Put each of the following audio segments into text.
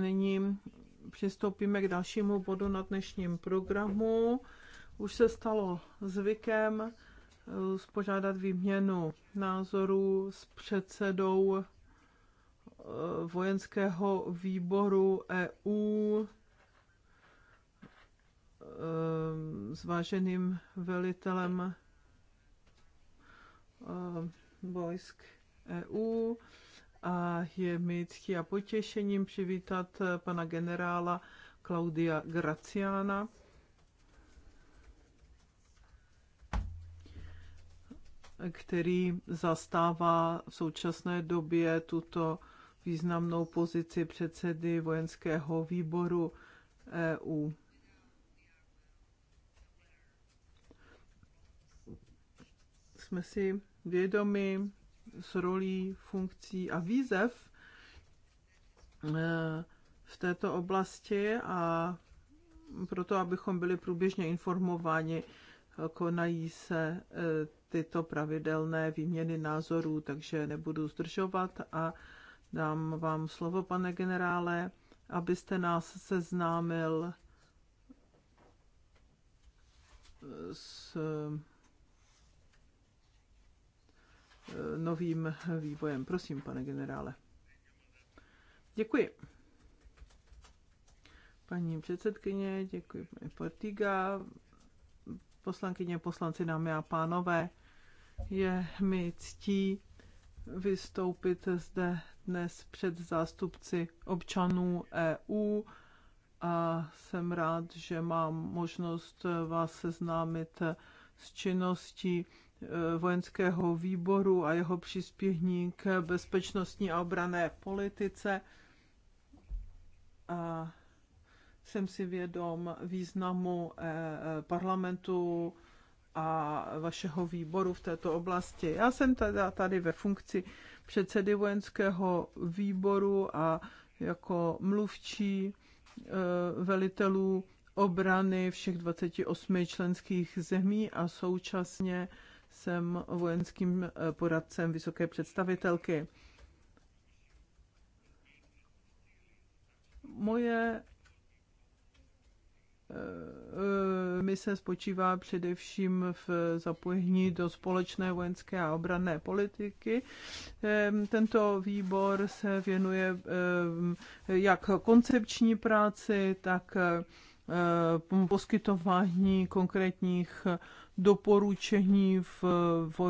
nyní přistoupíme k dalšímu bodu na dnešním programu. Už se stalo zvykem spožádat eh, výměnu názorů s předsedou eh, vojenského výboru EU s eh, váženým velitelem vojsk EU a je mi ctí a potěšením přivítat eh, pana generála Claudia Graciana. který zastává v současné době tuto významnou pozici předsedy vojenského výboru EU. Jsme si vědomi s rolí, funkcí a výzev eh, v této oblasti a proto, abychom byli průběžně informováni, eh, konají se eh, tyto pravidelné výměny názorů, takže nebudu zdržovat a dám vám slovo, pane generále, abyste nás seznámil s novým vývojem. Prosím, pane generále. Děkuji. Paní předsedkyně, děkuji paní Portiga, poslankyně, poslanci, dámy a pánové. Je mi ctí vystoupit zde dnes před zástupci občanů EU a jsem rád, že mám možnost vás seznámit s činností Eh, vojenského výboru a jeho přispění k bezpečnostní a obrané politice. A jsem si vědom významu eh, eh, parlamentu a vašeho výboru v této oblasti. Já jsem teda tady ve funkci předsedy vojenského výboru a jako mluvčí velitelů obrany všech 28 členských zemí a současně jsem vojenským eh, poradcem vysoké představitelky. Moje eh, eh, mise spočívá především v zapojení do společné vojenské a obranné politiky. Ehm, tento výbor se věnuje ehm, jak koncepční práci, tak Eh, poskytování konkrétních eh, doporučení v,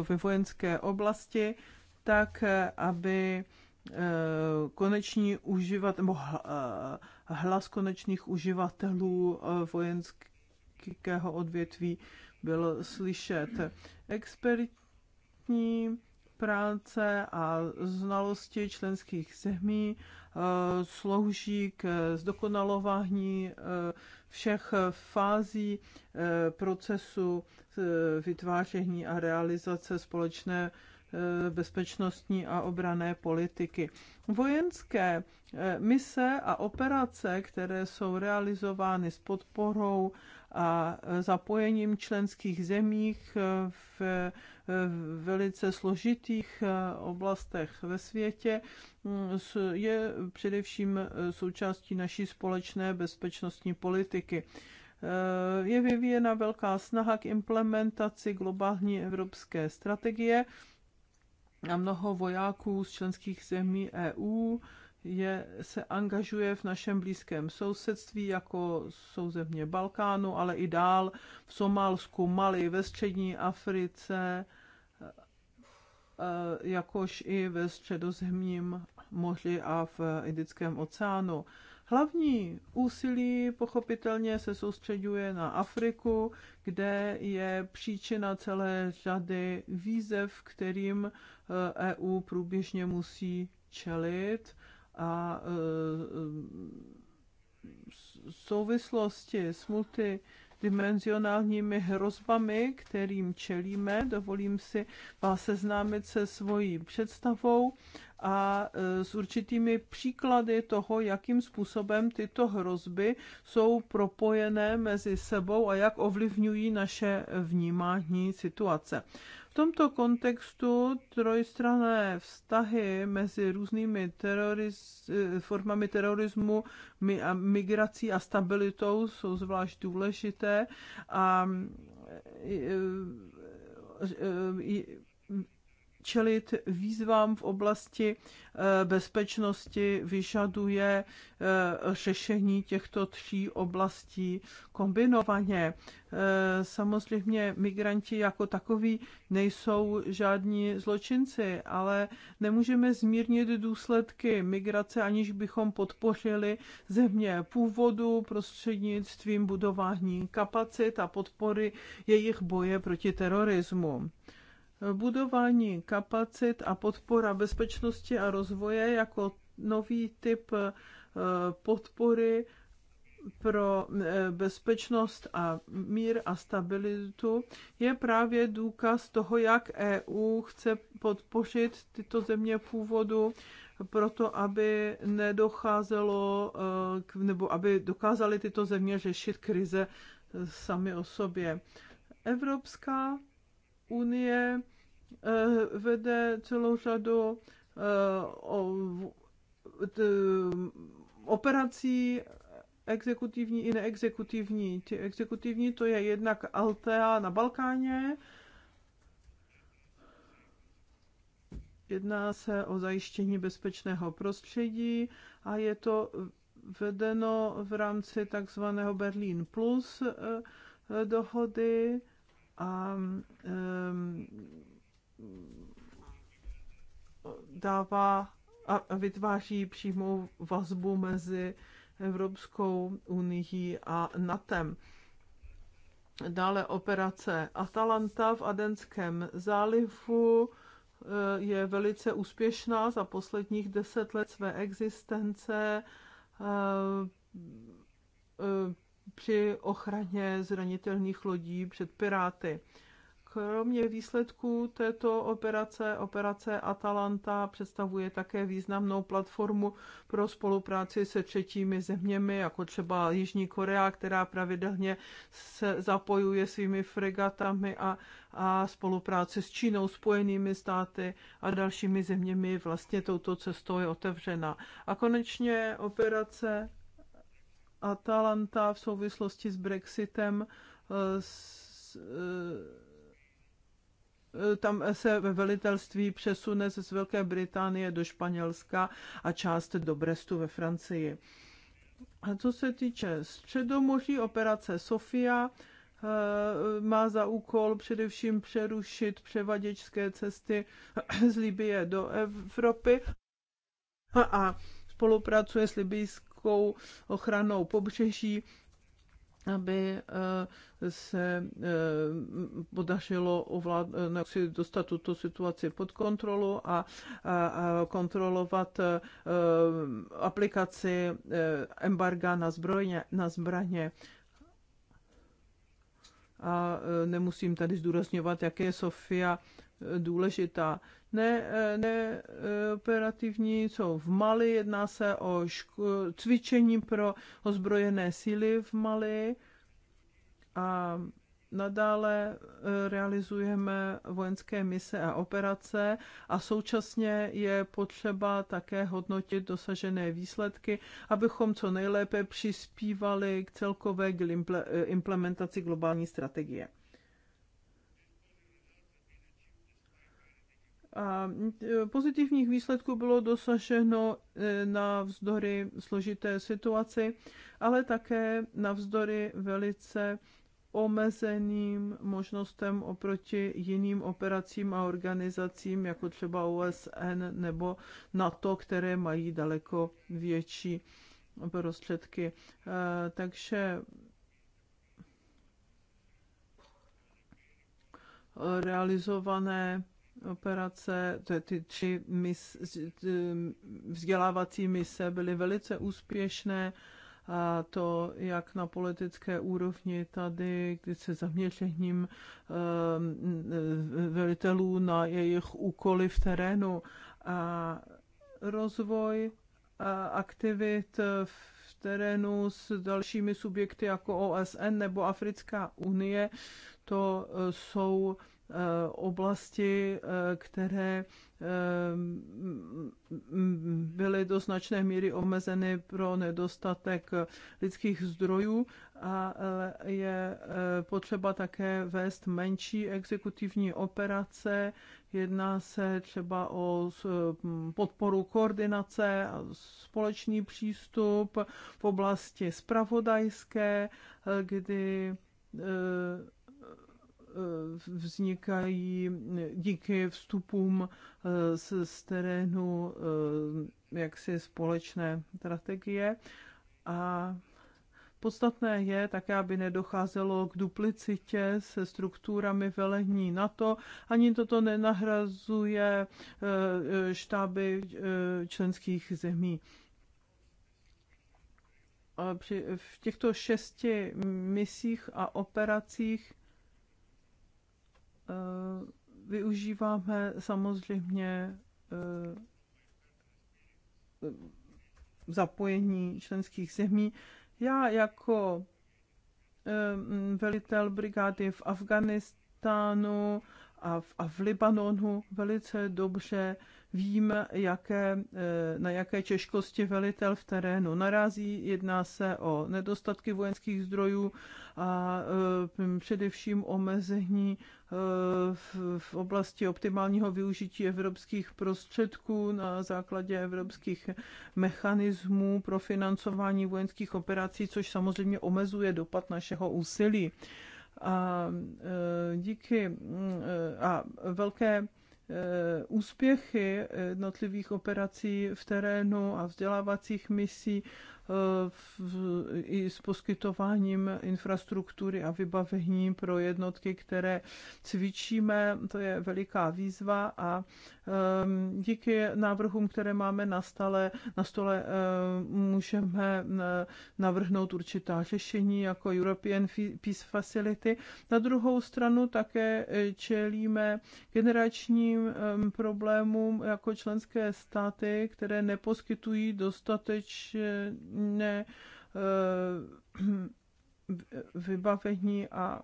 ve vojenské oblasti, tak eh, aby koneční uživat, nebo hlas konečných uživatelů vojenského odvětví byl slyšet. Expertní práce a znalosti členských zemí eh, slouží k zdokonalování eh, všech fází eh, procesu vytváření a realizace společné Eh, bezpečnostní a obrané politiky. Vojenské eh, mise a operace, které jsou realizovány s podporou a eh, zapojením členských zemích v velice složitých oblastech ve světě, mm, je především součástí naší společné bezpečnostní politiky je vyvíjena velká snaha k implementaci globální evropské strategie a mnoho vojáků z členských zemí EU je, se angažuje v našem blízkém sousedství, jako jsou země Balkánu, ale i dál v Somálsku, Mali, ve střední Africe, e, jakož i ve středozemním moři a v Indickém oceánu. Hlavní úsilí pochopitelně se soustředuje na Afriku, kde je příčina celé řady výzev, kterým EU eh, e průběžně musí čelit a eh, souvislosti s multi dimenzionálními hrozbami, kterým čelíme. Dovolím si vás seznámit se svojí představou a e, s určitými příklady toho, jakým způsobem tyto hrozby jsou propojené mezi sebou a jak ovlivňují naše vnímání situace. V tomto kontextu trojstrané vztahy mezi různými teroriz, eh, formami terorismu, migrací a stabilitou jsou zvlášť důležité a eh, eh, čelit výzvám v oblasti eh, bezpečnosti vyžaduje eh, řešení těchto tří oblastí kombinovaně. Eh, samozřejmě migranti jako takoví nejsou žádní zločinci, ale nemůžeme zmírnit důsledky migrace, aniž bychom podpořili země původu prostřednictvím budování kapacit a podpory jejich boje proti terorismu budování kapacit a podpora bezpečnosti a rozvoje jako nový typ eh, podpory pro eh, bezpečnost a mír a stabilitu je právě důkaz toho, jak EU chce podpořit tyto země původu proto, aby nedocházelo, eh, nebo aby dokázali tyto země řešit krize sami o sobě. Evropská unie eh, vede celou řadu eh, operací exekutivní i neexekutivní. Ty exekutivní to je jednak Altea na Balkáně, jedná se o zajištění bezpečného prostředí a je to vedeno v rámci takzvaného Berlin Plus eh, dohody a dává a vytváří přímou vazbu mezi Evropskou unii a NATEM. Dále operace Atalanta v Adenském zálivu eh, je velice úspěšná za posledních deset let své existence. Eh, eh, při ochraně zranitelných lodí před piráty. Kromě výsledků této operace, operace Atalanta představuje také významnou platformu pro spolupráci se třetími zeměmi, jako třeba Jižní Korea, která pravidelně se zapojuje svými fregatami a, a spolupráci s Čínou, Spojenými státy a dalšími zeměmi vlastně touto cestou je otevřena. A konečně operace Atalanta v souvislosti s Brexitem eh, s, eh, eh, tam se ve velitelství přesune z Velké Británie do Španělska a část do Brestu ve Francii. A co se týče středomoří operace Sofia, má za úkol především přerušit převaděčské cesty z Libie do Evropy a spolupracuje s libijskou evropskou ochranou pobřeží, aby eh, se eh, podařilo ovlád, eh, si dostat tuto situaci pod kontrolu a, a, a kontrolovat aplikaci embarga na, zbrojně, na zbraně. A nemusím tady zdůrazňovat, jak je Sofia důležitá ne, eh, ne, operativní jsou v Mali, jedná se o ško- cvičení pro ozbrojené síly v Mali a nadále eh, realizujeme vojenské mise a operace a současně je potřeba také hodnotit dosažené výsledky, abychom co nejlépe přispívali k celkové eh, implementaci globální strategie. A e, pozitivních výsledků bylo dosaženo e, na vzdory složité situaci, ale také na vzdory velice omezeným možnostem oproti jiným operacím a organizacím, jako třeba OSN nebo NATO, které mají daleko větší prostředky. E, takže realizované operace, ty, ty tři mis, vzdělávací mise byly velice úspěšné. A to jak na politické úrovni tady, když se zaměřením ehm, e, velitelů na jejich úkoly v terénu a rozvoj aktivit v terénu s dalšími subjekty jako OSN nebo Africká unie, to e, jsou Eh, oblasti, eh, které eh, byly do značné míry omezeny pro nedostatek lidských zdrojů, a je potřeba také vést menší exekutivní operace. Jedná se třeba o hm, podporu koordinace a společný přístup v oblasti spravodajské, kdy Eh, vznikají díky vstupům eh, z, z terénu eh, jaksi společné strategie a Podstatné je také, aby nedocházelo k duplicitě se strukturami velení NATO. Ani toto nenahrazuje štáby členských zemí. Při, v těchto šesti misích a operacích Eh, využíváme samozřejmě eh, zapojení členských zemí. Já jako eh, velitel brigády v Afganistánu a v, a v Libanonu velice dobře vím, jaké, e, na jaké těžkosti velitel v terénu narazí. Jedná se o nedostatky vojenských zdrojů a e, především omezení e, v oblasti optimálního využití evropských prostředků na základě evropských mechanismů pro financování vojenských operací, což samozřejmě omezuje dopad našeho úsilí a e, díky e, a velké e, úspěchy jednotlivých operací v terénu a vzdělávacích misí Eh, i s poskytováním infrastruktury a vybavení pro jednotky, které cvičíme. To je veliká výzva a eh, díky návrhům, které máme na, stole, na stole eh, můžeme navrhnout určitá řešení jako European Peace Facility. Na druhou stranu také čelíme generačním problémům jako členské státy, které neposkytují dostatečně ne eh, vybavení a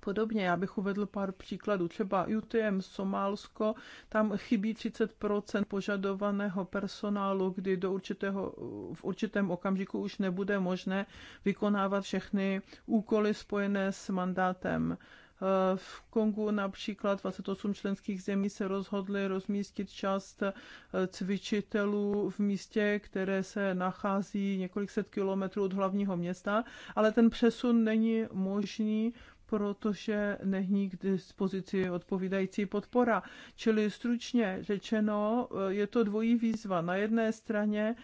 podobně. Já bych uvedl pár příkladů. Třeba UTM Somálsko, tam chybí 30% požadovaného personálu, kdy do určitého, v určitém okamžiku už nebude možné vykonávat všechny úkoly spojené s mandátem Eh, v Kongu například 28 členských zemí se rozhodly rozmístit část eh, cvičitelů v místě, které se nachází několik set kilometrů od hlavního města, ale ten přesun není možný, protože není k dispozici odpovídající podpora. Čili stručně řečeno, eh, je to dvojí výzva. Na jedné straně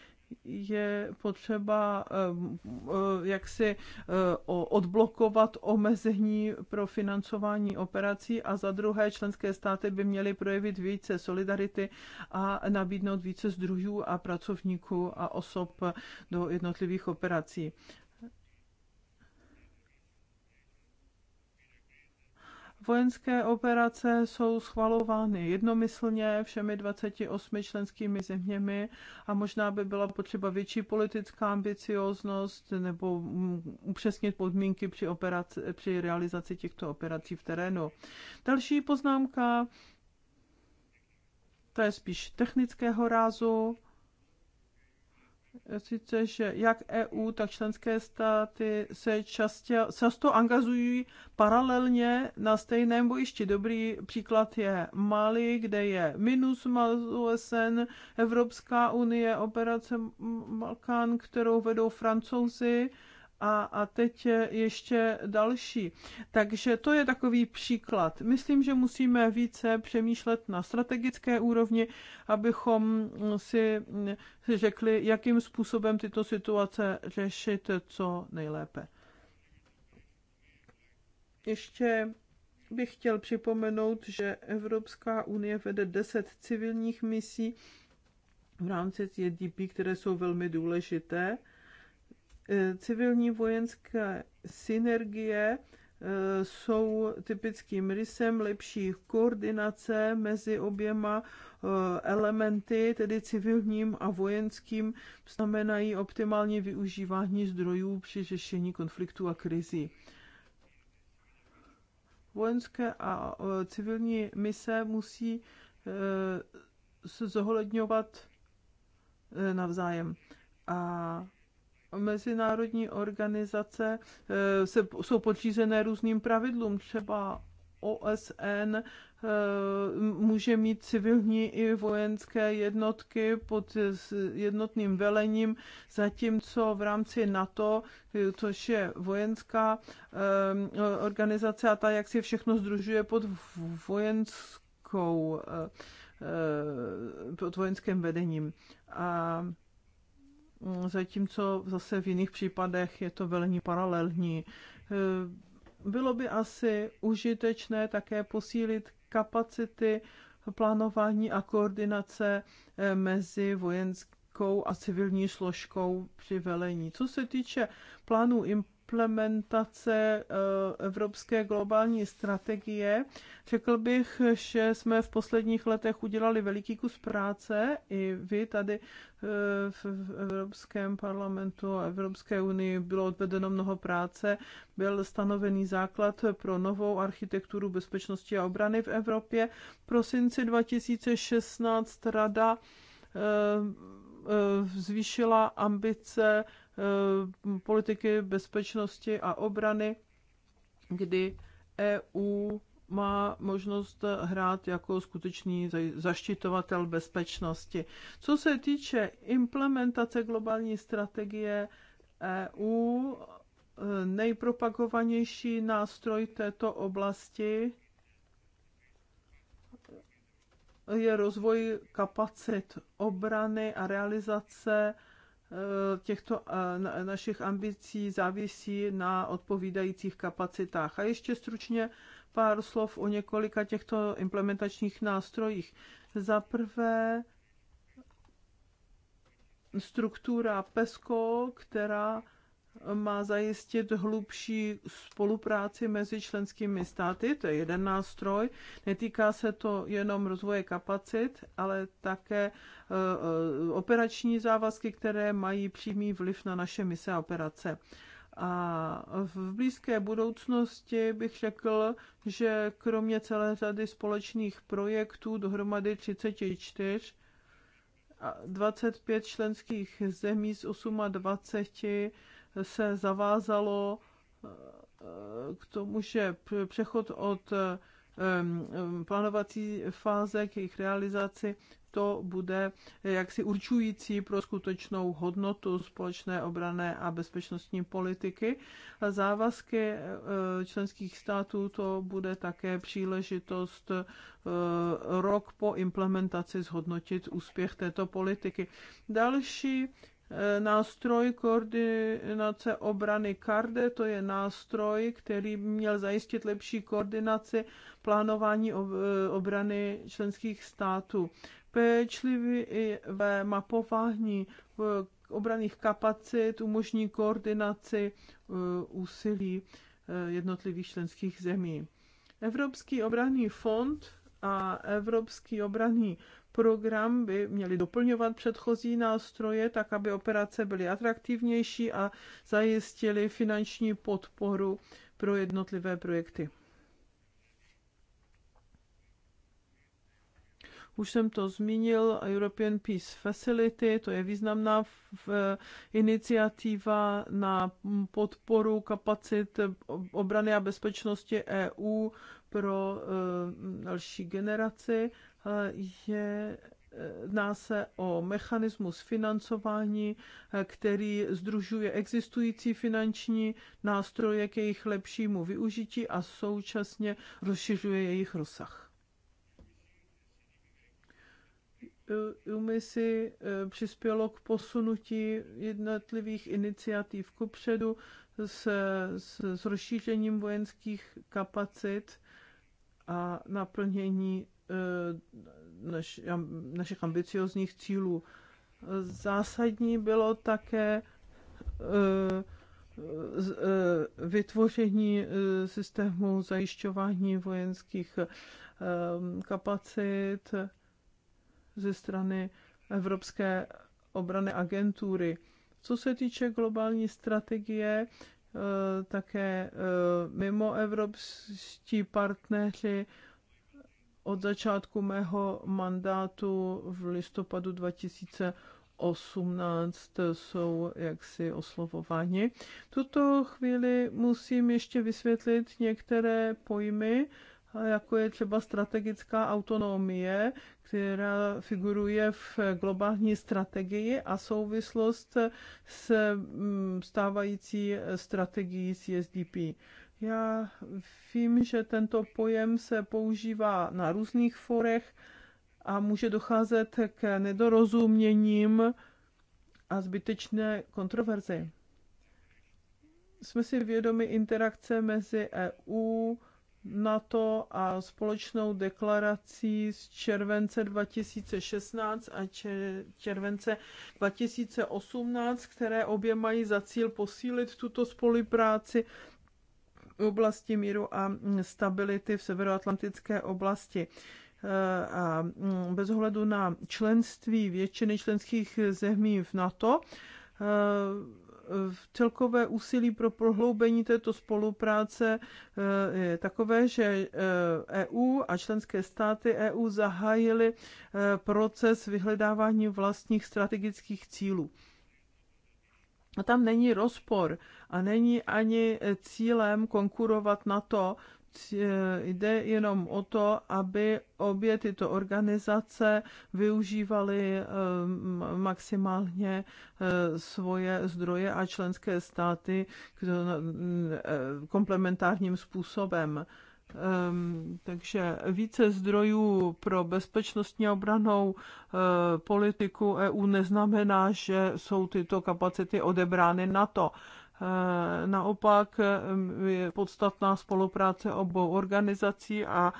je potřeba eh, eh, jak si eh, odblokovat omezení pro financování operací a za druhé členské státy by měly projevit více solidarity a nabídnout více zdrojů a pracovníků a osob do jednotlivých operací. Vojenské operace jsou schvalovány jednomyslně všemi 28 členskými zeměmi a možná by byla potřeba větší politická ambicioznost nebo upřesnit podmínky při, operaci, při realizaci těchto operací v terénu. Další poznámka, to je spíš technického rázu sice, že jak EU, tak členské státy se častě, často angažují paralelně na stejném bojišti. Dobrý příklad je Mali, kde je minus OSN, Evropská unie, operace Balkán, kterou vedou francouzi a, a teď ještě další. Takže to je takový příklad. Myslím, že musíme více přemýšlet na strategické úrovni, abychom si řekli, jakým způsobem tyto situace řešit co nejlépe. Ještě bych chtěl připomenout, že Evropská unie vede 10 civilních misí v rámci JDP, které jsou velmi důležité Eh, civilní vojenské synergie eh, jsou typickým rysem lepší koordinace mezi oběma eh, elementy, tedy civilním a vojenským, znamenají optimální využívání zdrojů při řešení konfliktů a krizi. Vojenské a civilní mise musí se zohledňovat navzájem. A mezinárodní organizace eh, se, jsou podřízené různým pravidlům, třeba OSN eh, může mít civilní i vojenské jednotky pod jednotným velením, zatímco v rámci NATO, eh, což je vojenská organizace a ta jak si všechno združuje pod vojenskou pod vojenským vedením. A zatímco zase v jiných případech je to velmi paralelní. E, bylo by asi užitečné také posílit kapacity plánování a koordinace e, mezi vojenskou a civilní složkou při velení. Co se týče plánů implementace eh, Evropské globální strategie. Řekl bych, že jsme v posledních letech udělali veliký kus práce, i vy tady eh, v Evropském parlamentu a Evropské unii bylo odvedeno mnoho práce. Byl stanovený základ pro novou architekturu bezpečnosti a obrany v Evropě. V prosinci 2016 rada eh, zvýšila ambice Eh, politiky bezpečnosti a obrany, kdy EU má možnost hrát jako skutečný zaštitovatel bezpečnosti. Co se týče implementace globální strategie EU, eh, nejpropagovanější nástroj této oblasti je rozvoj kapacit obrany a realizace Eh, těchto eh, našich ambicí závisí na odpovídajících kapacitách. A ještě stručně pár slov o několika těchto implementačních nástrojích. Za prvé struktura PESCO, která má zajistit hlubší spolupráci mezi členskými státy, to je jeden nástroj. Netýká se to jenom rozvoje kapacit, ale také e, e, operační závazky, které mají přímý vliv na naše mise a operace. A v blízké budoucnosti bych řekl, že kromě celé řady společných projektů, dohromady 34, 25 členských zemí z 28 se zavázalo eh, k tomu, že přechod od eh, plánovací fáze k jejich realizaci, to bude jaksi určující pro skutečnou hodnotu společné obrané a bezpečnostní politiky. Závazky eh, členských států to bude také příležitost rok po implementaci zhodnotit úspěch této politiky. Další Eh, nástroj koordinace obrany Karde, to je nástroj, který měl zajistit lepší koordinaci plánování eh, obrany členských států. i ve mapování eh, obraných kapacit umožní koordinaci úsilí jednotlivých členských zemí. Evropský obranný fond a Evropský obranný program by měly doplňovat předchozí nástroje, tak aby operace byly atraktivnější a zajistily finanční podporu pro jednotlivé projekty. Už jsem to zmínil, European Peace Facility, to je významná iniciativa na podporu kapacit obrany a bezpečnosti EU pro eh, další generaci je Jedná se o mechanismus financování, který združuje existující finanční nástroje k jejich lepšímu využití a současně rozšiřuje jejich rozsah. UMISI eh, přispělo k posunutí jednotlivých iniciativ kupředu s, s, s rozšířením vojenských kapacit a naplnění Eh, naš, našich ambiciozních cílů. Zásadní bylo také eh, eh, vytvoření systému zajišťování vojenských kapacit ze strany Evropské obrany agentury. Co se týče globální strategie, také mimo evropští partneři od začátku mého mandátu v listopadu 2018 jsou jaksi oslovováni. tuto chvíli musím ještě vysvětlit některé pojmy, jako je třeba strategická autonomie, která figuruje v globální strategii a souvislost s mm, stávající strategií CSDP. Já vím, že tento pojem se používá na různých forech a může docházet k nedorozuměním a zbytečné kontroverzi. Jsme si vědomi interakce mezi EU, NATO a společnou deklarací z července 2016 a července 2018, které obě mají za cíl posílit tuto spolupráci oblasti míru a stability v severoatlantické oblasti. Eh, a mm, bez ohledu na členství většiny členských zemí v NATO, eh, v celkové úsilí pro prohloubení této spolupráce eh, je takové, že EU e a členské státy EU zahájily proces vyhledávání vlastních strategických cílů. A tam není rozpor a není ani eh, cílem konkurovat na to, eh, jde jenom o to, aby obě tyto organizace využívaly eh, maximálně svoje zdroje a členské státy komplementárním způsobem. Ehm, takže více zdrojů pro bezpečnostní obranou eh, politiku EU neznamená, že jsou tyto kapacity odebrány na to. Eh, naopak ehm, je podstatná spolupráce obou organizací a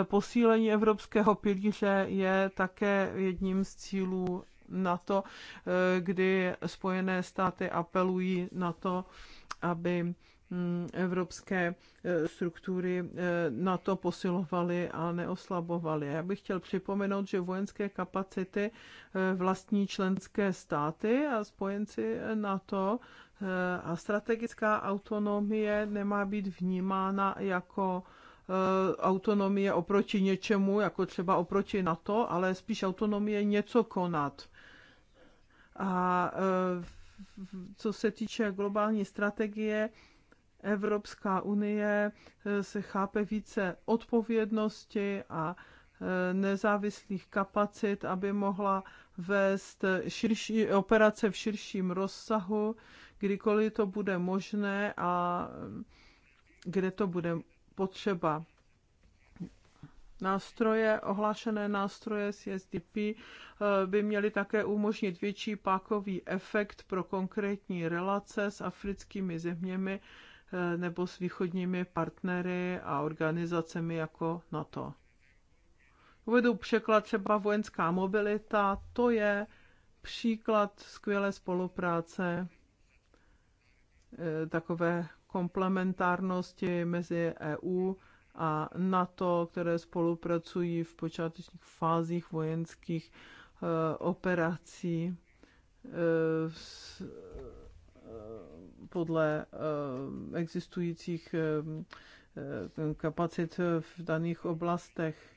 eh, posílení evropského pilíře je také jedním z cílů to, kdy Spojené státy apelují na to, aby Mm, evropské eh, struktury eh, na to posilovaly a neoslabovaly. Já bych chtěl připomenout, že vojenské kapacity eh, vlastní členské státy a spojenci to a strategická autonomie nemá být vnímána jako autonomie oproti něčemu, jako třeba oproti NATO, ale spíš autonomie něco konat. A co se týče globální strategie, Evropská unie eh, se chápe více odpovědnosti a eh, nezávislých kapacit, aby mohla vést širší, operace v širším rozsahu, kdykoliv to bude možné a eh, kde to bude potřeba. Nástroje, ohlášené nástroje CSDP by měly také umožnit větší pákový efekt pro konkrétní relace s africkými zeměmi Eh, nebo s východními partnery a organizacemi jako NATO. Uvedu překlad třeba vojenská mobilita, to je příklad skvělé spolupráce, eh, takové komplementárnosti mezi EU a NATO, které spolupracují v počátečních fázích vojenských eh, operací podle eh, existujících eh, eh, kapacit v daných oblastech.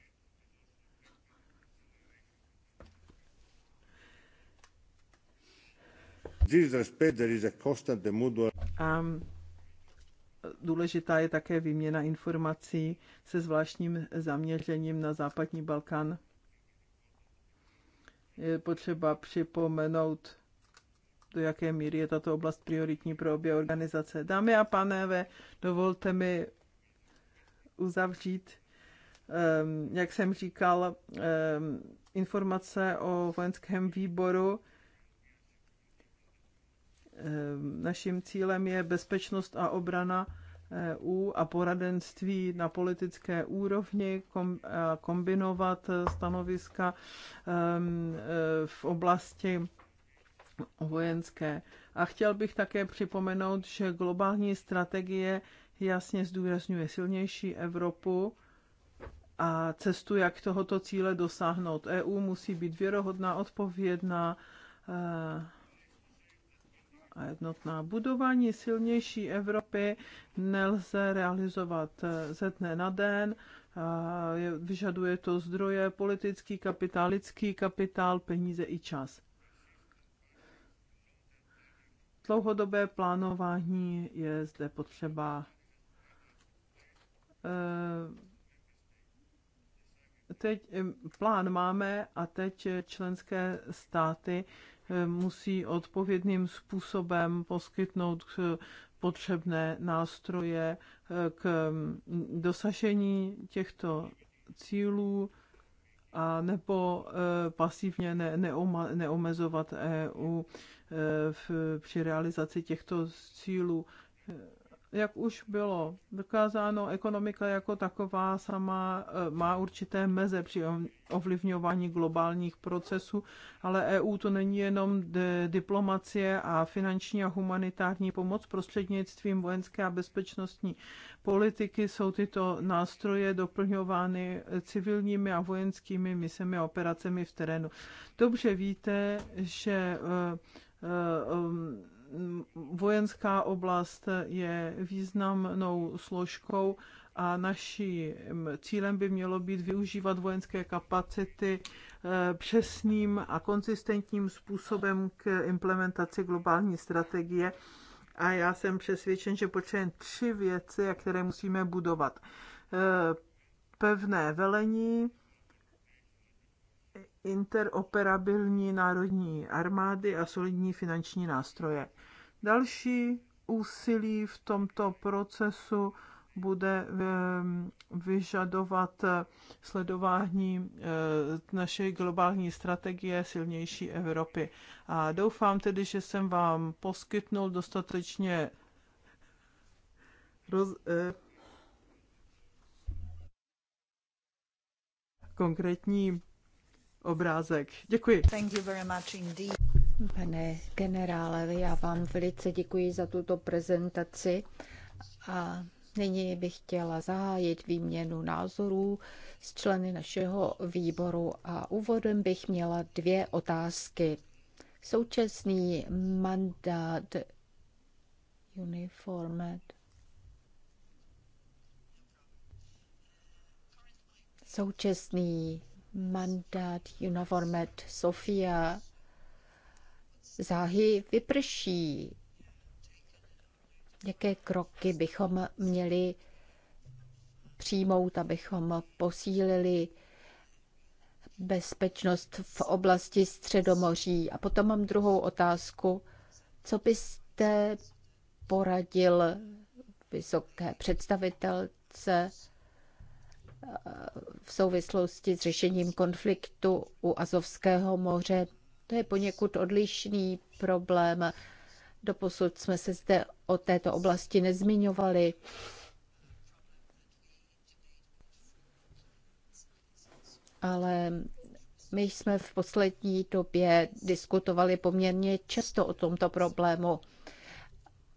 A důležitá je také výměna informací se zvláštním zaměřením na západní Balkán. Je potřeba připomenout do jaké míry je tato oblast prioritní pro obě organizace. Dámy a pánové, dovolte mi uzavřít, ehm, jak jsem říkal, ehm, informace o vojenském výboru. Ehm, naším cílem je bezpečnost a obrana eh, EU a poradenství na politické úrovni, kombinovat stanoviska eh, v oblasti vojenské. A chtěl bych také připomenout, že globální strategie jasně zdůrazňuje silnější Evropu a cestu, jak tohoto cíle dosáhnout. EU musí být věrohodná, odpovědná eh, a jednotná. Budování silnější Evropy nelze realizovat eh, ze dne na den. Vyžaduje to zdroje, politický kapitál, lidský kapitál, peníze i čas dlouhodobé plánování je zde potřeba eh, teď eh, plán máme a teď členské státy eh, musí odpovědným způsobem poskytnout potřebné nástroje k mm, dosažení těchto cílů a nebo eh, pasivně ne, neoma, neomezovat EU eh, v, při realizaci těchto cílů jak už bylo dokázáno, ekonomika jako taková sama eh, má určité meze při ovlivňování globálních procesů, ale EU to není jenom diplomacie a finanční a humanitární pomoc prostřednictvím vojenské a bezpečnostní politiky. Jsou tyto nástroje doplňovány civilními a vojenskými misemi a operacemi v terénu. Dobře víte, že eh, eh, um, vojenská oblast je významnou složkou a naším cílem by mělo být využívat vojenské kapacity eh, přesným a konzistentním způsobem k implementaci globální strategie. A já jsem přesvědčen, že potřebujeme tři věci, které musíme budovat. Eh, pevné velení, interoperabilní národní armády a solidní finanční nástroje. Další úsilí v tomto procesu bude ehm, vyžadovat eh, sledování eh, naší globální strategie silnější Evropy. A doufám tedy, že jsem vám poskytnul dostatečně roz, eh, konkrétní obrázek. Děkuji. Thank you very much indeed. Pane generále, já vám velice děkuji za tuto prezentaci a nyní bych chtěla zahájit výměnu názorů s členy našeho výboru a úvodem bych měla dvě otázky. Současný mandát uniformed současný mandát Uniformet Sofia záhy vyprší. Jaké kroky bychom měli přijmout, abychom posílili bezpečnost v oblasti Středomoří? A potom mám druhou otázku. Co byste poradil vysoké představitelce v souvislosti s řešením konfliktu u Azovského moře. To je poněkud odlišný problém. Doposud jsme se zde o této oblasti nezmiňovali. Ale my jsme v poslední době diskutovali poměrně často o tomto problému.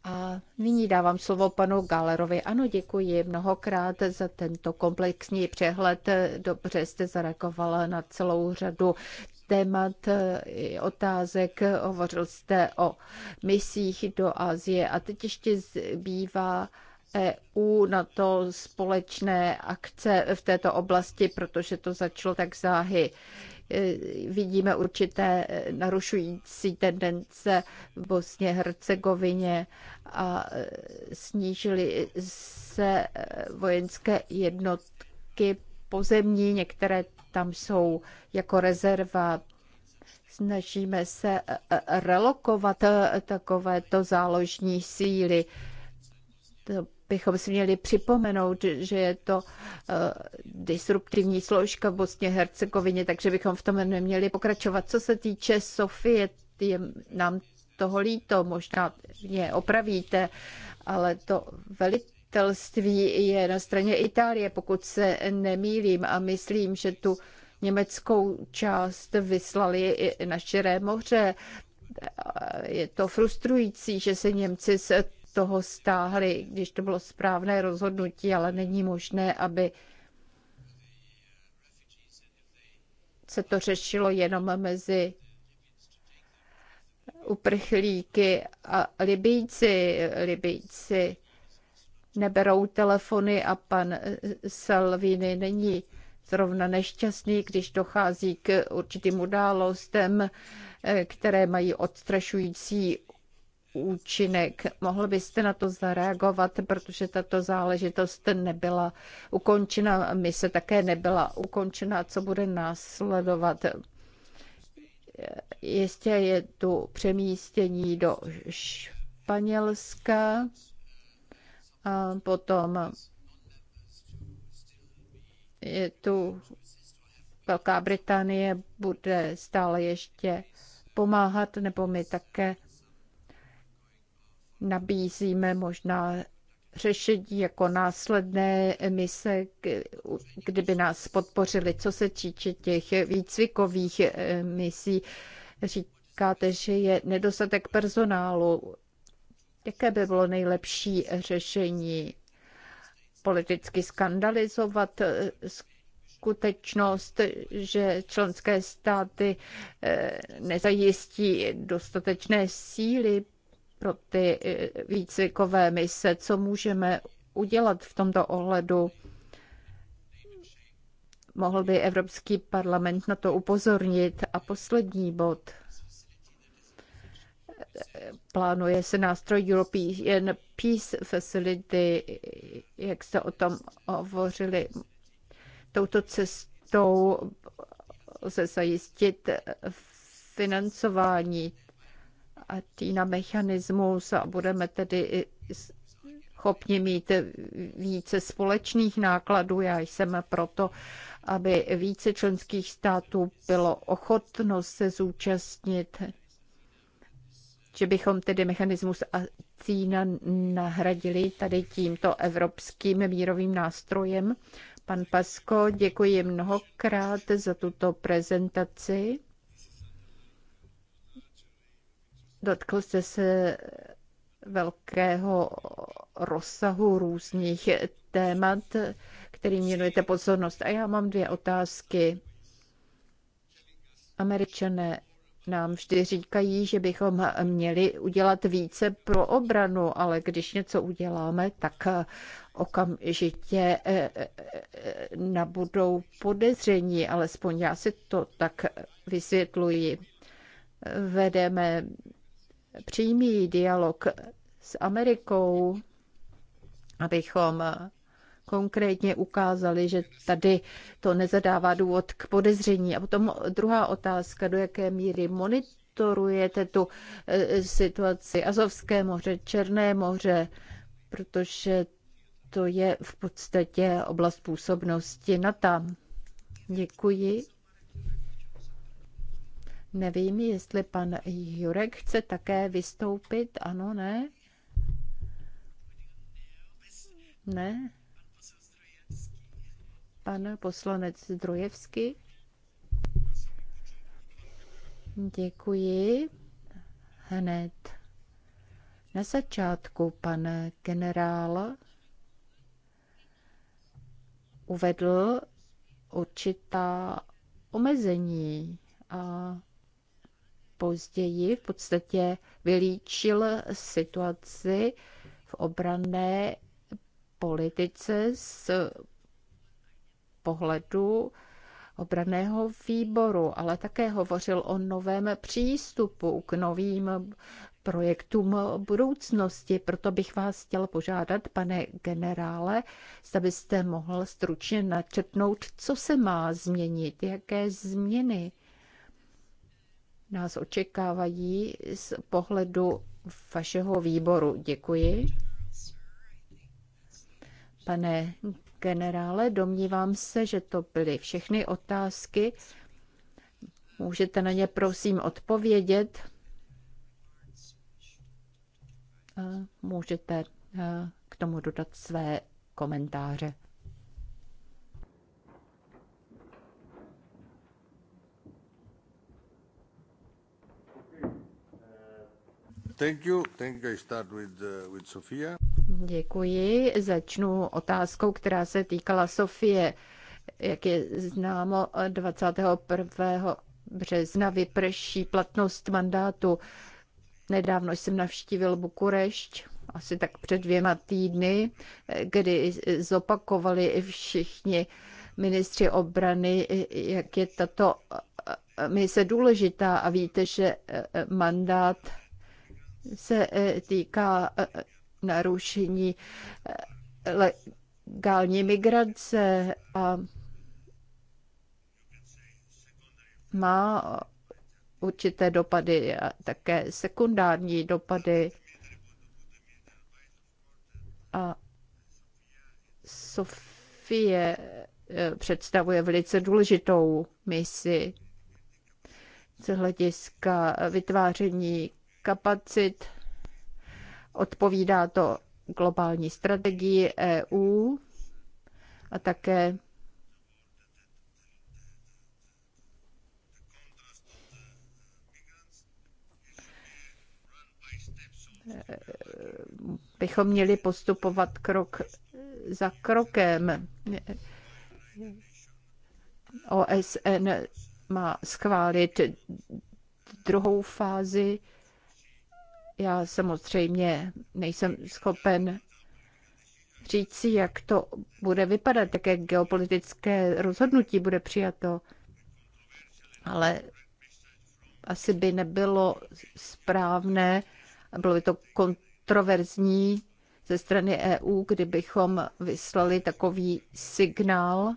A nyní dávám slovo panu Galerovi. Ano, děkuji mnohokrát za tento komplexní přehled. Dobře jste zareagovala na celou řadu témat, otázek. Hovořil jste o misích do Asie a teď ještě zbývá EU na to společné akce v této oblasti, protože to začalo tak záhy. E, vidíme určité narušující tendence v Bosně Hercegovině a e, snížily se e, vojenské jednotky pozemní, některé tam jsou jako rezerva. Snažíme se relokovat takovéto záložní síly. To bychom si měli připomenout, že je to eh, disruptivní složka v Bosně Hercegovině, takže bychom v tom neměli pokračovat. Co se týče Sofie, je nám toho líto, možná mě opravíte, ale to velitelství je na straně Itálie, pokud se nemýlím a myslím, že tu německou část vyslali i na Širé moře. Je to frustrující, že se Němci s toho stáhli, když to bylo správné rozhodnutí, ale není možné, aby se to řešilo jenom mezi uprchlíky a Libijci. Libijci neberou telefony a pan Salvini není zrovna nešťastný, když dochází k určitým událostem, eh, které mají odstrašující účinek. Mohl byste na to zareagovat, protože tato záležitost nebyla ukončena, mise také nebyla ukončena, co bude následovat. Jistě je tu přemístění do Španělska, a potom je tu Velká Británie bude stále ještě pomáhat, nebo my také Nabízíme možná řešení jako následné mise, kdyby nás podpořili, co se týče těch výcvikových misí. Říkáte, že je nedostatek personálu. Jaké by bylo nejlepší řešení? Politicky skandalizovat eh, skutečnost, že členské státy eh, nezajistí dostatečné síly pro ty eh, výcvikové mise. Co můžeme udělat v tomto ohledu? Mohl by Evropský parlament na to upozornit. A poslední bod. Plánuje se nástroj European Peace Facility, jak jste o tom hovořili. Touto cestou lze zajistit financování na mechanismus a budeme tedy schopni mít více společných nákladů. Já jsem proto, aby více členských států bylo ochotno se zúčastnit, že bychom tedy mechanismus a Cína nahradili tady tímto evropským mírovým nástrojem. Pan Pasko, děkuji mnohokrát za tuto prezentaci. Dotkl jste se velkého rozsahu různých témat, kterým věnujete pozornost. A já mám dvě otázky. Američané nám vždy říkají, že bychom měli udělat více pro obranu, ale když něco uděláme, tak okamžitě eh, eh, eh, nabudou podezření, alespoň já si to tak vysvětluji. Vedeme přímý dialog s Amerikou, abychom konkrétně ukázali, že tady to nezadává důvod k podezření. A potom druhá otázka, do jaké míry monitorujete tu e, situaci Azovské moře, Černé moře, protože to je v podstatě oblast působnosti NATO. Děkuji Nevím, jestli pan Jurek chce také vystoupit. Ano, ne? Ne? Pan poslanec Zdrojevský. Děkuji. Hned. Na začátku pan generál uvedl určitá omezení a později v podstatě vylíčil situaci v obrané politice z pohledu obraného výboru, ale také hovořil o novém přístupu k novým projektům budoucnosti. Proto bych vás chtěl požádat, pane generále, zda byste mohl stručně načrtnout, co se má změnit, jaké změny nás očekávají z pohledu vašeho výboru. Děkuji. Pane generále, domnívám se, že to byly všechny otázky. Můžete na ně prosím odpovědět. Můžete k tomu dodat své komentáře. Děkuji. Začnu otázkou, která se týkala Sofie. Jak je známo, 21. března vyprší platnost mandátu. Nedávno jsem navštívil Bukurešť, asi tak před dvěma týdny, kdy zopakovali všichni ministři obrany, jak je tato mise důležitá a víte, že eh, eh, mandát se e, týká e, e, narušení legální migrace a má určité dopady a také sekundární dopady. A Sofie představuje velice důležitou misi z hlediska vytváření kapacit. Odpovídá to globální strategii EU a také bychom měli postupovat krok za krokem. OSN má schválit druhou fázi já samozřejmě nejsem schopen říct si, jak to bude vypadat, jaké geopolitické rozhodnutí bude přijato. Ale asi by nebylo správné, bylo by to kontroverzní ze strany EU, kdybychom vyslali takový signál,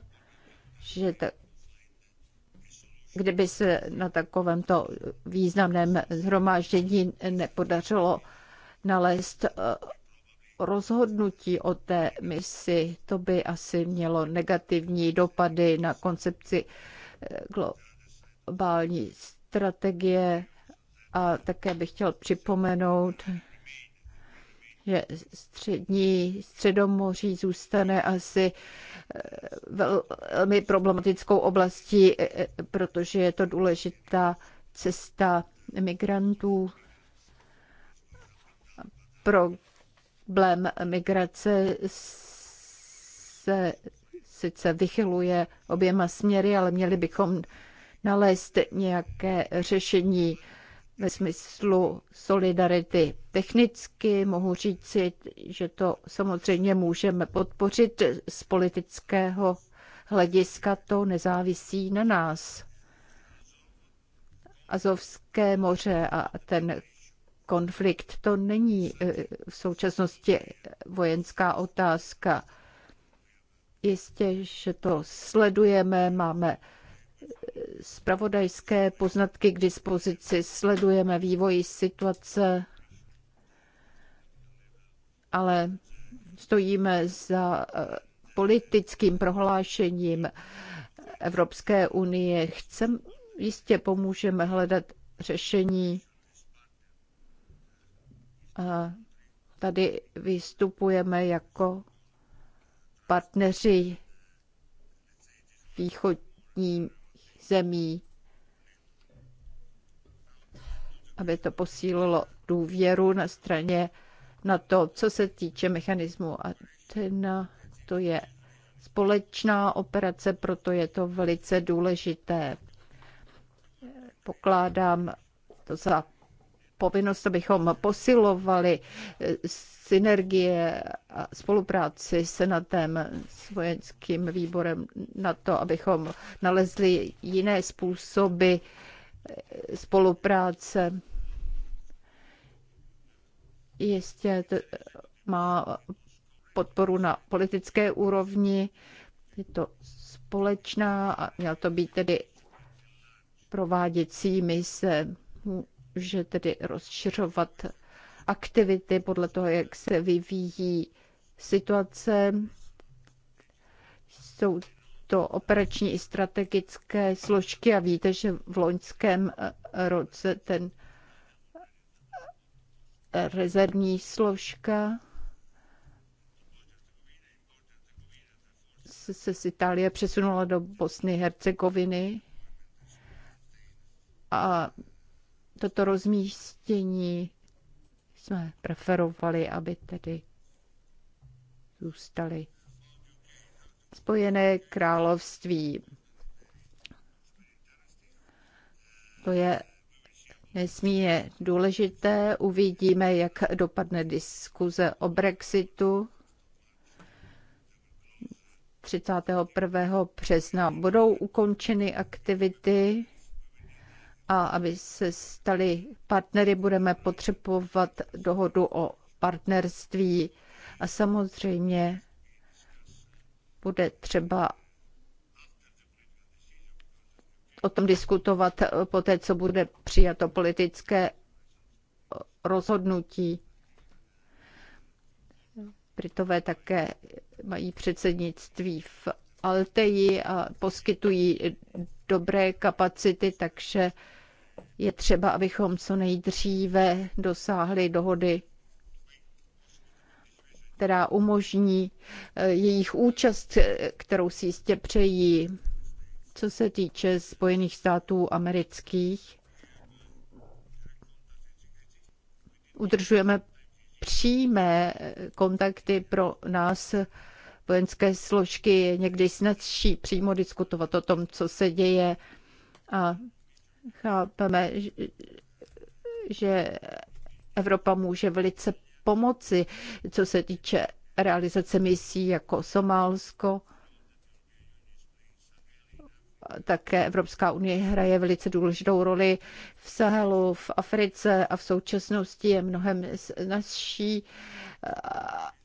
že ta kdyby se na takovémto významném zhromáždění nepodařilo nalézt eh, rozhodnutí o té misi, to by asi mělo negativní dopady na koncepci eh, globální strategie. A také bych chtěl připomenout, že střední středomoří zůstane asi eh, velmi problematickou oblastí, eh, eh, protože je to důležitá cesta migrantů. Problém migrace se sice vychyluje oběma směry, ale měli bychom nalézt nějaké řešení ve smyslu solidarity. Technicky mohu říci, že to samozřejmě můžeme podpořit z politického hlediska, to nezávisí na nás. Azovské moře a ten konflikt, to není eh, v současnosti vojenská otázka. Jistě, že to sledujeme, máme spravodajské poznatky k dispozici, sledujeme vývoj situace, ale stojíme za eh, politickým prohlášením Evropské unie. Chcem, jistě pomůžeme hledat řešení. A tady vystupujeme jako partneři východní zemí, aby to posílilo důvěru na straně na to, co se týče mechanismu ten, to je společná operace, proto je to velice důležité. Pokládám to za povinnost, abychom posilovali eh, synergie a spolupráci s NATEM, s vojenským výborem na to, abychom nalezli jiné způsoby eh, spolupráce. Jistě má podporu na politické úrovni. Je to společná a měl to být tedy prováděcí mise že tedy rozšiřovat aktivity podle toho, jak se vyvíjí situace. Jsou to operační i strategické složky a víte, že v loňském eh, roce ten eh, rezervní složka se z Itálie přesunula do Bosny Hercegoviny a toto rozmístění jsme preferovali, aby tedy zůstali. Spojené království. To je nesmírně důležité. Uvidíme, jak dopadne diskuze o Brexitu. 31. března budou ukončeny aktivity a aby se stali partnery, budeme potřebovat dohodu o partnerství a samozřejmě bude třeba o tom diskutovat po té, co bude přijato politické rozhodnutí. Britové také mají předsednictví v Alteji a poskytují dobré kapacity, takže je třeba, abychom co nejdříve dosáhli dohody, která umožní eh, jejich účast, eh, kterou si jistě přejí. Co se týče Spojených států amerických, udržujeme přímé eh, kontakty pro nás vojenské složky je někdy snadší přímo diskutovat o tom, co se děje a Chápeme, že Evropa může velice pomoci, co se týče realizace misí jako Somálsko. Také Evropská unie hraje velice důležitou roli v Sahelu, v Africe a v současnosti je mnohem snažší,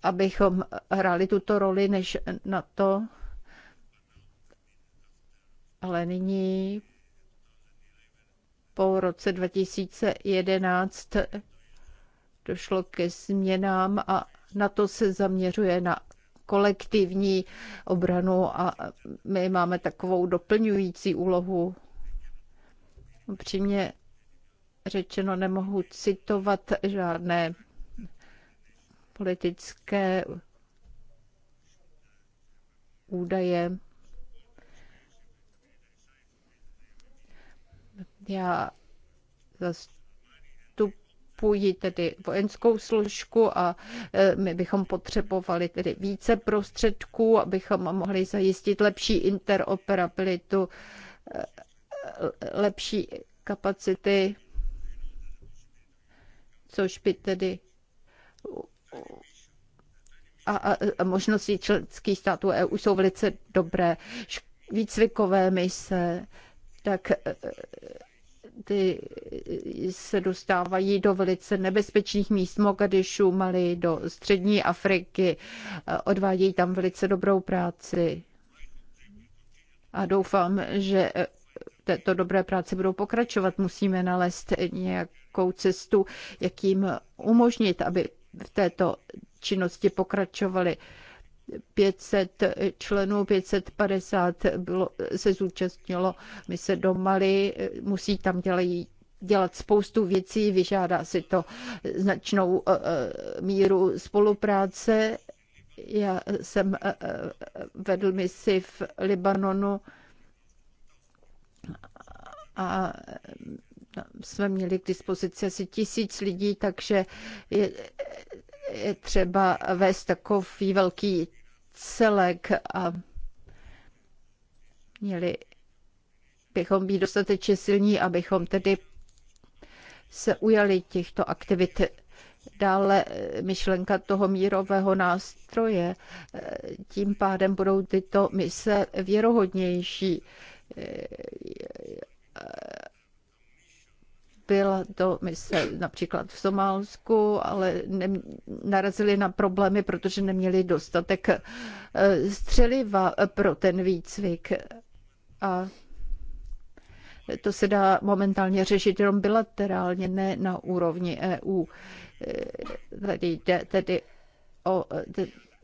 abychom hráli tuto roli než na to. Ale nyní po roce 2011 došlo ke změnám a na to se zaměřuje na kolektivní obranu a my máme takovou doplňující úlohu. Upřímně řečeno nemohu citovat žádné politické údaje. Já zastupuji tedy vojenskou složku a e, my bychom potřebovali tedy více prostředků, abychom mohli zajistit lepší interoperabilitu, e, lepší kapacity, což by tedy a, a možnosti členských států EU jsou velice dobré. Výcvikové mise, tak e, ty eh, se dostávají do velice nebezpečných míst Mogadišu, Mali, do střední Afriky, eh, odvádějí tam velice dobrou práci. A doufám, že eh, této dobré práce budou pokračovat. Musíme nalézt nějakou cestu, jak jim umožnit, aby v této činnosti pokračovali. 500 členů, 550 bylo, se zúčastnilo mise do Mali, musí tam dělají dělat spoustu věcí, vyžádá si to značnou eh, eh, míru spolupráce. Já jsem eh, vedl misi v Libanonu a jsme měli k dispozici asi tisíc lidí, takže je, je třeba vést takový velký celek a měli bychom být dostatečně silní, abychom tedy se ujali těchto aktivit. Dále myšlenka toho mírového nástroje. Tím pádem budou tyto mise věrohodnější byla to mise například v Somálsku, ale ne, narazili na problémy, protože neměli dostatek eh, střeliva pro ten výcvik. A to se dá momentálně řešit jenom bilaterálně, ne na úrovni EU. Eh, tady jde tedy o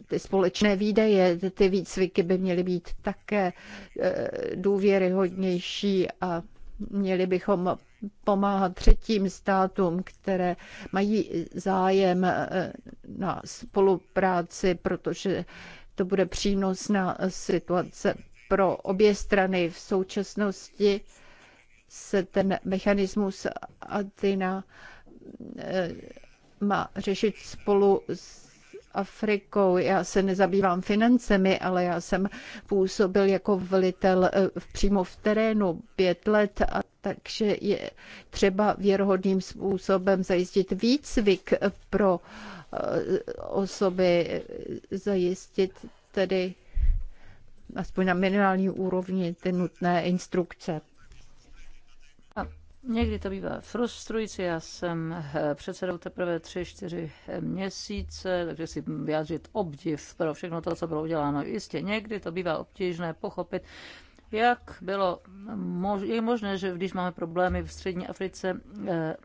ty společné výdaje, ty výcviky by měly být také eh, důvěryhodnější a Měli bychom pomáhat třetím státům, které mají zájem eh, na spolupráci, protože to bude přínosná situace pro obě strany. V současnosti se ten mechanismus Atina eh, má řešit spolu s Afrikou. Já se nezabývám financemi, ale já jsem působil jako velitel eh, přímo v terénu pět let a takže je třeba věrohodným způsobem zajistit výcvik pro eh, osoby, eh, zajistit tedy aspoň na minimální úrovni ty nutné instrukce. Někdy to bývá frustrující. Já jsem eh, předsedou teprve 3-4 eh, měsíce, takže si vyjádřit obdiv pro všechno to, co bylo uděláno. Jistě někdy to bývá obtížné pochopit, jak bylo mož, je možné, že když máme problémy v střední Africe, eh,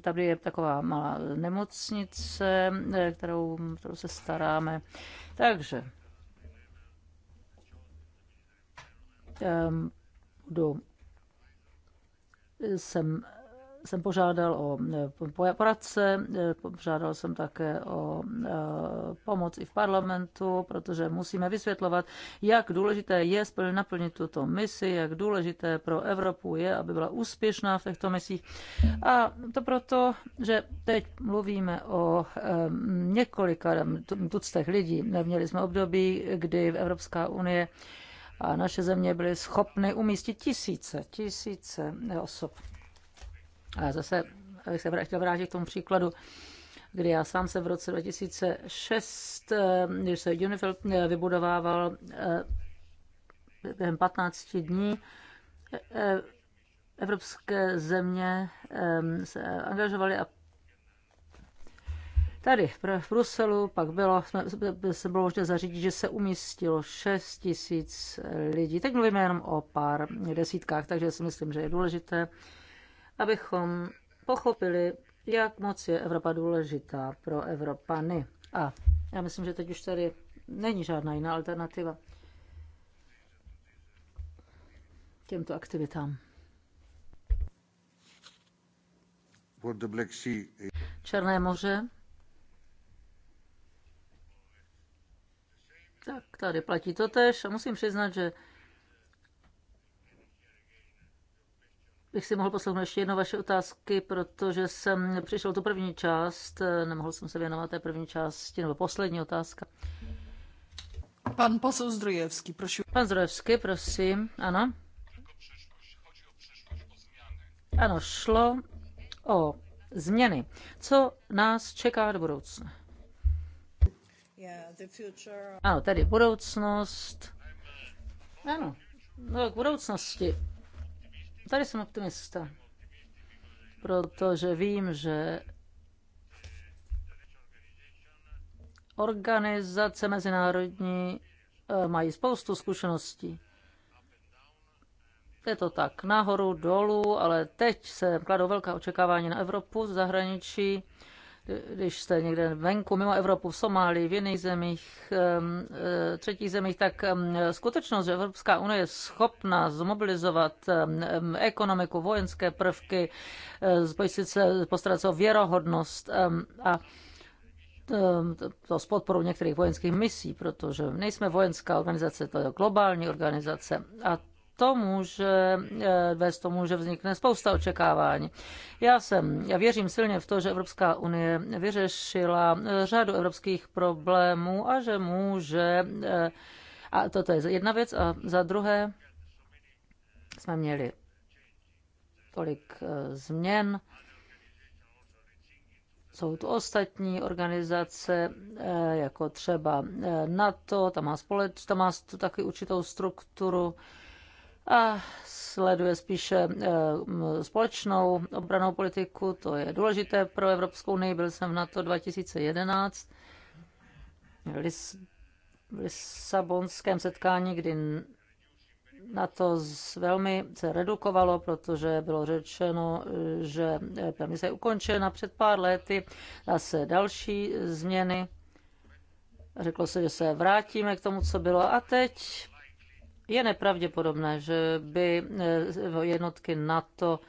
tady je taková malá nemocnice, kterou, kterou se staráme. Takže budu jsem jsem požádal o eh, poradce, eh, požádal jsem také o eh, pomoc i v parlamentu, protože musíme vysvětlovat, jak důležité je naplnit tuto misi, jak důležité pro Evropu je, aby byla úspěšná v těchto misích. A to proto, že teď mluvíme o několika tuctech lidí. Měli jsme období, kdy Evropská unie a naše země byly schopny umístit tisíce, tisíce osob. A zase abych se chtěl vrátit k tomu příkladu, kdy já sám se v roce 2006, eh, když se Unifil eh, vybudovával eh, během 15 dní, evropské země se angažovaly a Tady v Bruselu pak bylo, se bylo možné zařídit, že se umístilo 6 tisíc lidí. Teď mluvíme jenom o pár desítkách, takže si myslím, že je důležité, abychom pochopili, jak moc je Evropa důležitá pro Evropany. A já myslím, že teď už tady není žádná jiná alternativa těmto aktivitám. Černé moře Tak tady platí to tež a musím přiznat, že bych si mohl poslouchnout ještě jedno vaše otázky, protože jsem přišel tu první část, nemohl jsem se věnovat té první části, nebo poslední otázka. Pan posel Zdrojevský, prosím. Pan Zdrojevský, prosím, ano. Ano, šlo o změny. Co nás čeká do budoucna? Ano, tady budoucnost. Ano, no, k budoucnosti. Tady jsem optimista, protože vím, že organizace mezinárodní eh, mají spoustu zkušeností. Je to tak nahoru, dolů, ale teď se kladou velká očekávání na Evropu zahraničí když jste někde venku, mimo Evropu, v Somálii, v jiných zemích, eh, třetích zemích, tak skutečnost, že Evropská unie je schopna zmobilizovat ekonomiku, vojenské prvky, eh, pojistit se, postarat se o věrohodnost a to s podporou některých vojenských misí, protože nejsme vojenská organizace, to je globální organizace. A to může, eh, vést tomu, že vznikne spousta očekávání. Já jsem, já věřím silně v to, že Evropská unie vyřešila eh, řadu evropských problémů a že může, eh, a toto je jedna věc, a za druhé jsme měli tolik změn, jsou tu ostatní organizace, jako třeba NATO, tam má, společ, tam má taky určitou strukturu a sleduje spíše eh, společnou obranou politiku. To je důležité pro Evropskou unii. Byl jsem v NATO 2011. Lis, Lisabonském setkání, kdy na to velmi se redukovalo, protože bylo řečeno, eh, že eh, permise je ukončena před pár lety, zase další změny. Řeklo se, že se vrátíme k tomu, co bylo a teď je nepravděpodobné, že by eh, jednotky NATO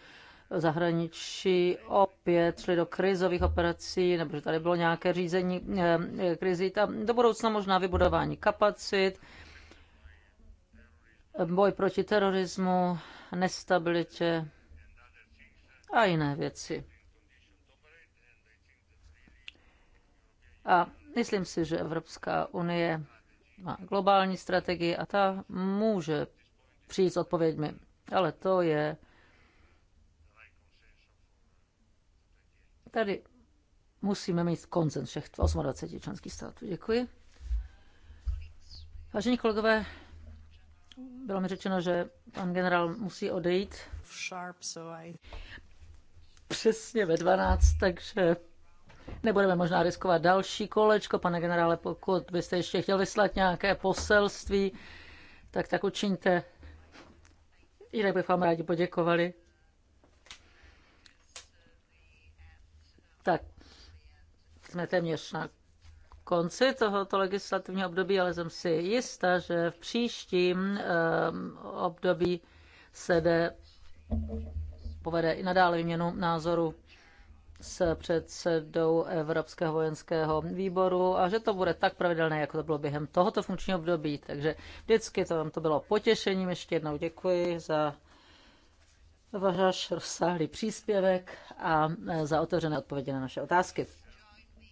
zahraničí opět šly do krizových operací, nebo že tady bylo nějaké řízení eh, krizí. Tam do budoucna možná vybudování kapacit, boj proti terorismu, nestabilitě a jiné věci. A myslím si, že Evropská unie má globální strategii a ta může přijít s odpověďmi. Ale to je tady musíme mít koncent všech 28 členských států. Děkuji. Vážení kolegové, bylo mi řečeno, že pan generál musí odejít. Přesně ve 12, takže Nebudeme možná riskovat další kolečko. Pane generále, pokud byste ještě chtěl vyslat nějaké poselství, tak tak učiňte. Jinak bych vám rádi poděkovali. Tak, jsme téměř na konci tohoto legislativního období, ale jsem si jistá, že v příštím eh, období se jde, povede i nadále výměnu názoru s předsedou Evropského vojenského výboru a že to bude tak pravidelné, jako to bylo během tohoto funkčního období. Takže vždycky to vám to bylo potěšením. Ještě jednou děkuji za váš rozsáhlý příspěvek a za otevřené odpovědi na naše otázky.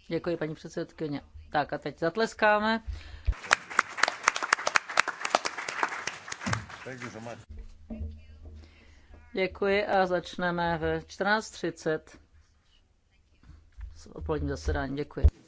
Děkuji, paní předsedkyně. Tak a teď zatleskáme. Děkuji a začneme ve 14.30 odpoledním zasedání. Děkuji.